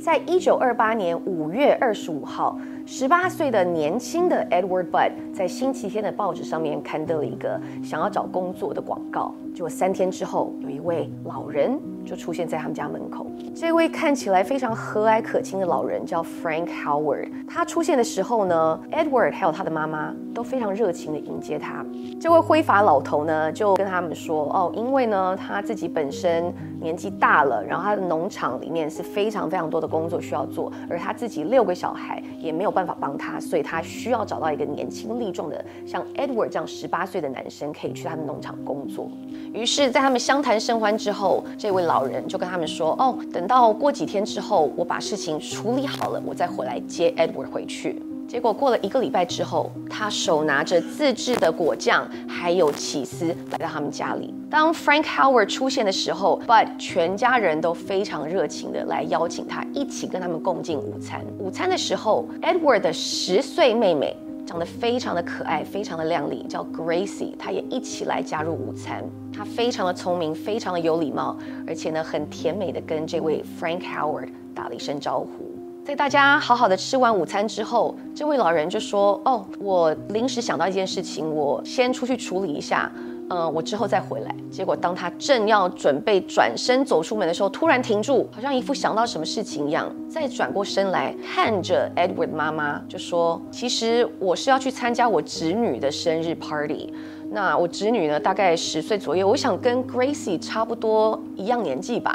在一九二八年五月二十五號，十八歲的年輕的 Edward Budd 在星期天的報紙上面刊登了一個想要找工作的廣告。結果三天之後，有一位老人就出現在他們家門口。這位看起來非常和藹可親的老人叫 Frank Howard。他出現的時候呢，Edward 還有他的媽媽都非常熱情地迎接他。這位灰髮老頭呢，就跟他們說：“哦，因為呢，他自己本身年紀大了，然後他的農場裡面是非。”非常非常多的工作需要做，而他自己六個小孩也沒有辦法幫他，所以他需要找到一個年輕力壯的，像 Edward 這樣十八歲的男生，可以去他們農場工作。於是，在他們相談甚歡之後，這位老人就跟他們說：“哦，等到過幾天之後，我把事情處理好了，我再回來接 Edward 回去。”結果過了一個禮拜之後，他手拿着自製的果醬還有起司來到他們家裡。當 Frank Howard 出現的時候，Budd 全家人都非常熱情地來邀請他一起跟他們共進午餐。午餐的時候，Edward 的十歲妹妹長得非常的可愛，非常的靚麗，叫 Gracie，她也一起來加入午餐。她非常的聰明，非常的有禮貌，而且呢很甜美地跟這位 Frank Howard 打了一聲招呼。在大家好好的吃完午餐之後，這位老人就說：“哦，我臨時想到一件事情，我先出去處理一下，嗯、呃，我之後再回來。”結果，當他正要準備轉身走出門的時候，突然停住，好像一副想到什麼事情一樣，再轉過身來看着 Edward 媽媽，就說：“其實我是要去參加我侄女的生日 party。那我侄女呢，大概十歲左右，我想跟 Gracie 差不多一樣年紀吧。”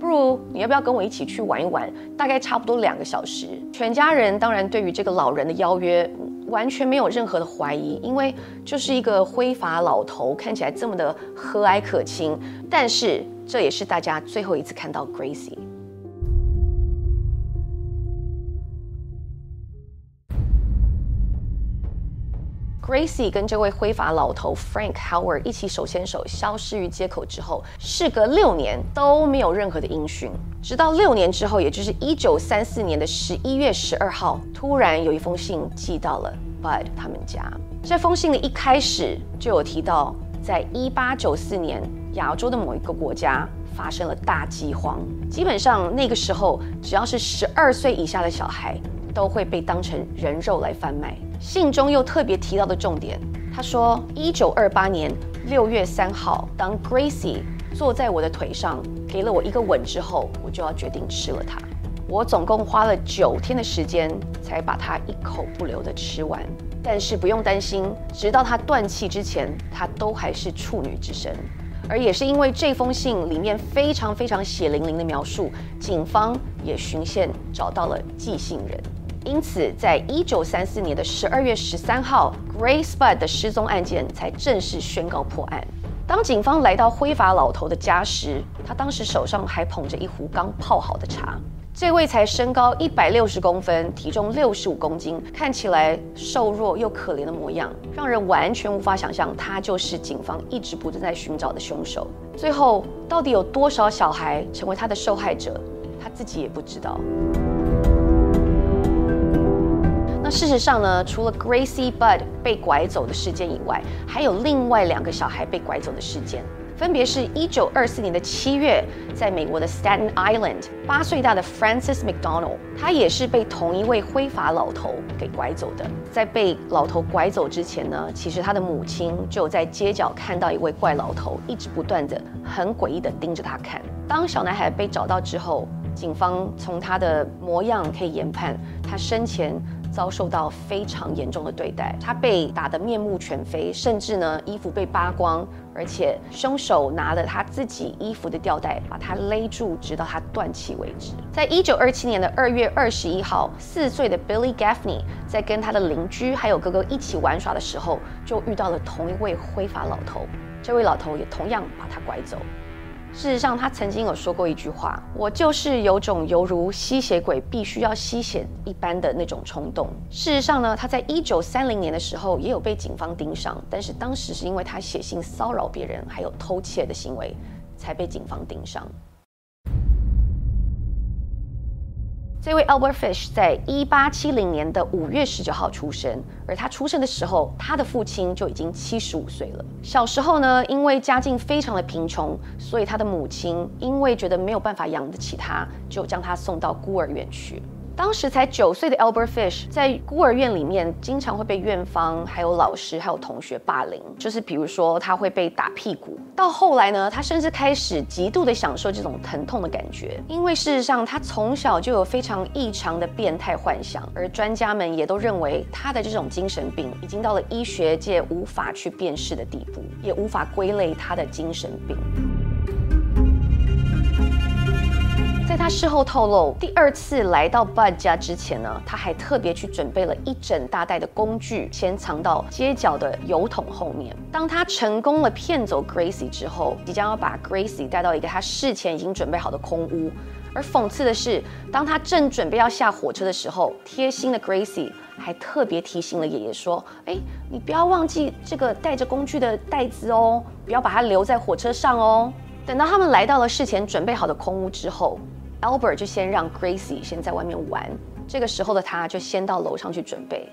不如你要不要跟我一起去玩一玩？大概差不多兩個小時。全家人當然對於這個老人的邀約完全沒有任何的懷疑，因為就是一個灰髮老頭，看起來這麼的和藹可親。但是這也是大家最後一次看到 Gracie。Gracie 跟這位灰髮老頭 Frank Howard 一起手牽手消失於街口之後，事隔六年都沒有任何的音訊。直到六年之後，也就是一九三四年的十一月十二號，突然有一封信寄到了 Bud 他們家。這封信的一開始就有提到，在一八九四年亞洲的某一個國家發生了大饑荒，基本上那個時候只要是十二歲以下的小孩，都會被當成人肉來販賣。信中又特別提到的重點，他說：一九二八年六月三號，當 Gracie 坐在我的腿上，給了我一個吻之後，我就要決定吃了它。我總共花了九天的時間，才把它一口不留地吃完。但是不用擔心，直到它斷氣之前，它都還是處女之身。而也是因為這封信裡面非常非常血淋淋的描述，警方也循線找到了寄信人。因此，在一九三四年的十二月十三號，Grace Budd 的失蹤案件才正式宣告破案。當警方來到灰髮老頭的家時，他當時手上還捧着一壺剛泡好的茶。這位才身高一百六十公分，體重六十五公斤，看起來瘦弱又可憐的模樣，讓人完全無法想象他就是警方一直不斷在尋找的兇手。最後，到底有多少小孩成為他的受害者，他自己也不知道。事實上呢，除了 Gracie Budd 被拐走的事件以外，還有另外兩個小孩被拐走的事件，分別是一九二四年的七月，在美國的 Staten Island，八歲大的 Francis McDonald，他也是被同一位灰髮老頭給拐走的。在被老頭拐走之前呢，其實他的母親就在街角看到一位怪老頭，一直不斷地、很詭異地盯着他看。當小男孩被找到之後，警方從他的模樣可以研判，他生前，遭受到非常嚴重的對待，他被打得面目全非，甚至呢，衣服被扒光，而且兇手拿了他自己衣服的吊帶把他勒住，直到他斷氣為止。在一九二七年的二月二十一號，四歲的 Billy Gaffney 在跟他的鄰居還有哥哥一起玩耍的時候，就遇到了同一位灰髮老頭，這位老頭也同樣把他拐走。事實上，他曾經有說過一句話：“我就是有種猶如吸血鬼必須要吸血一般的那種衝動。”事實上呢，他在一九三零年的時候也有被警方盯上，但是當時是因為他寫信騷擾別人，還有偷竊的行為，才被警方盯上。這位 Albert Fish 在一八七零年的五月十九號出生，而他出生的時候，他的父親就已經七十五歲了。小時候呢，因為家境非常的貧窮，所以他的母親因為覺得沒有辦法養得起他，就將他送到孤兒院去。當時才九歲的 Albert Fish 在孤兒院裡面，經常會被院方、還有老師、還有同學霸凌，就是比如說他會被打屁股。到後來呢，他甚至開始極度地享受這種疼痛的感覺，因為事實上他從小就有非常異常的變態幻想，而專家們也都認為他的這種精神病已經到了醫學界無法去辨識的地步，也無法歸類他的精神病。在他事後透露，第二次來到 Bud 家之前呢，他還特別去準備了一整大袋的工具，先藏到街角的油桶後面。當他成功了騙走 Gracie 之後，即將要把 Gracie 帶到一個他事前已經準備好的空屋。而諷刺的是，當他正準備要下火車的時候，貼心的 Gracie 還特別提醒了爺爺說：“哎，你不要忘記這個帶着工具的袋子哦，不要把它留在火車上哦。”等到他們來到了事前準備好的空屋之後。Albert 就先讓 Gracie 先在外面玩。這個時候的他，就先到樓上去準備。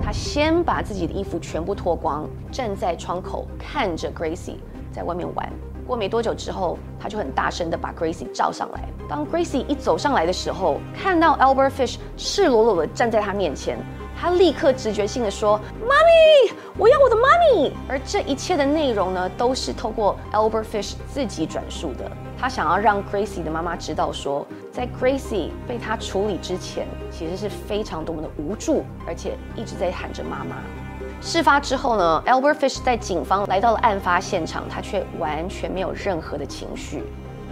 他先把自己的衣服全部脫光，站在窗口看着 Gracie 在外面玩。過沒多久之後，他就很大聲的把 Gracie 叫上來。當 Gracie 一走上來的時候，看到 Albert Fish 赤裸裸的站在他面前，他立刻直覺性地說：“媽咪，我要我的媽咪。”而這一切的內容呢，都是透過 Albert Fish 自己轉述的。他想要讓 Gracie 的媽媽知道說，說在 Gracie 被他處理之前，其實是非常多麼的無助，而且一直在喊着媽媽。事發之後呢，Albert Fish 帶警方來到了案發現場，他卻完全沒有任何的情緒，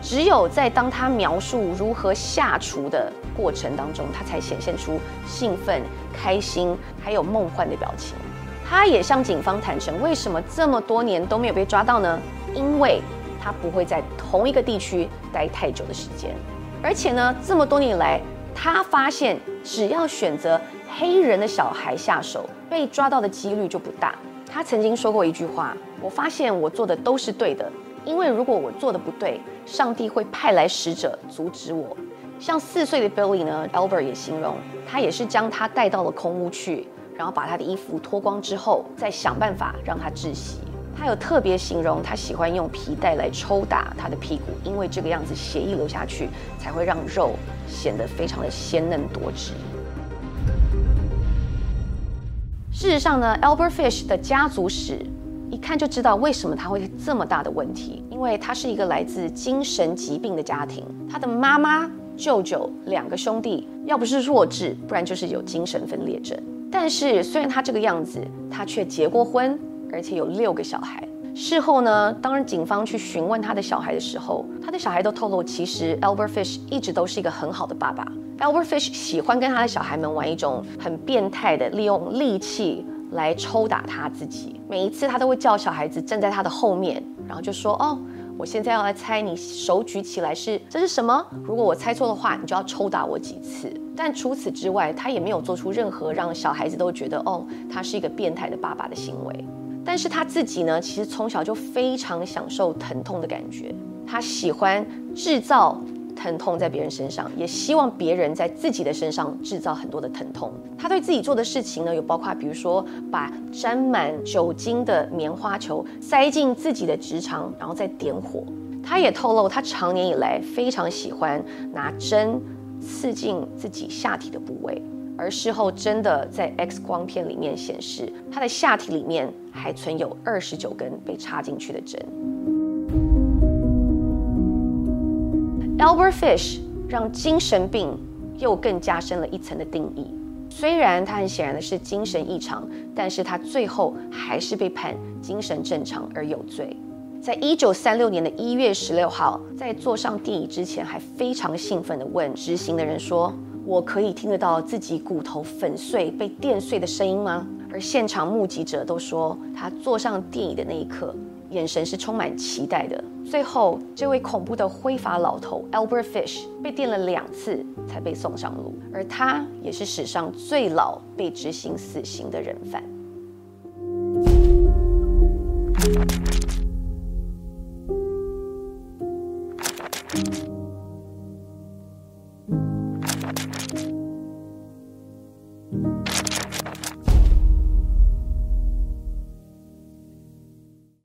只有在當他描述如何下廚的過程當中，他才顯現出興奮、開心，還有夢幻的表情。他也向警方坦承，為什麼這麼多年都沒有被抓到呢？因為他不會在同一個地區待太久的時間，而且呢，這麼多年以來。他發現，只要選擇黑人的小孩下手，被抓到的幾率就不大。他曾經說過一句話：“我發現我做的都是對的，因為如果我做的不對，上帝會派來使者阻止我。”像四歲的 Billy 呢，Albert 也形容，他也是將他帶到了空屋去，然後把他的衣服脫光之後，再想辦法讓他窒息。他有特別形容，他喜歡用皮帶來抽打他的屁股，因為這個樣子血液流下去，才會讓肉顯得非常的鮮嫩多汁。 事實上呢，Albert Fish 的家族史，一看就知道為什麼他會有這麼大的問題，因為他是一個來自精神疾病的家庭，他的媽媽、舅舅兩個兄弟，要不是弱智，不然就是有精神分裂症。但是雖然他這個樣子，他卻結過婚。而且有六個小孩。事後呢，當警方去詢問他的小孩的時候，他的小孩都透露，其實 Albert Fish 一直都是一個很好的爸爸。Albert Fish 喜歡跟他的小孩們玩一種很變態的，利用力氣來抽打他自己。每一次他都會叫小孩子站在他的後面，然後就說：“哦，我現在要來猜你手舉起來是這是什麼？如果我猜錯的話，你就要抽打我幾次。”但除此之外，他也沒有做出任何讓小孩子都覺得“哦，他是一個變態的爸爸”的行為。但是他自己呢，其實從小就非常享受疼痛的感覺。他喜歡製造疼痛在別人身上，也希望別人在自己的身上製造很多的疼痛。他對自己做的事情呢，有包括比如說把沾滿酒精的棉花球塞進自己的直腸，然後再點火。他也透露，他長年以來非常喜歡拿針刺進自己下體的部位。而事後真的在 X 光片裡面顯示，他的下體裡面還存有二十九根被插進去的針。Albert Fish 讓精神病又更加深了一層的定義。雖然他很顯然的是精神異常，但是他最後還是被判精神正常而有罪。在一九三六年的一月十六號，在坐上電椅之前，還非常興奮的問執行的人說。我可以聽得到自己骨頭粉碎被電碎的聲音嗎？而現場目擊者都說，他坐上電椅的那一刻，眼神是充滿期待的。最後，這位恐怖的灰髮老頭 Albert Fish 被電了兩次才被送上路，而他也是史上最老被執行死刑的人犯。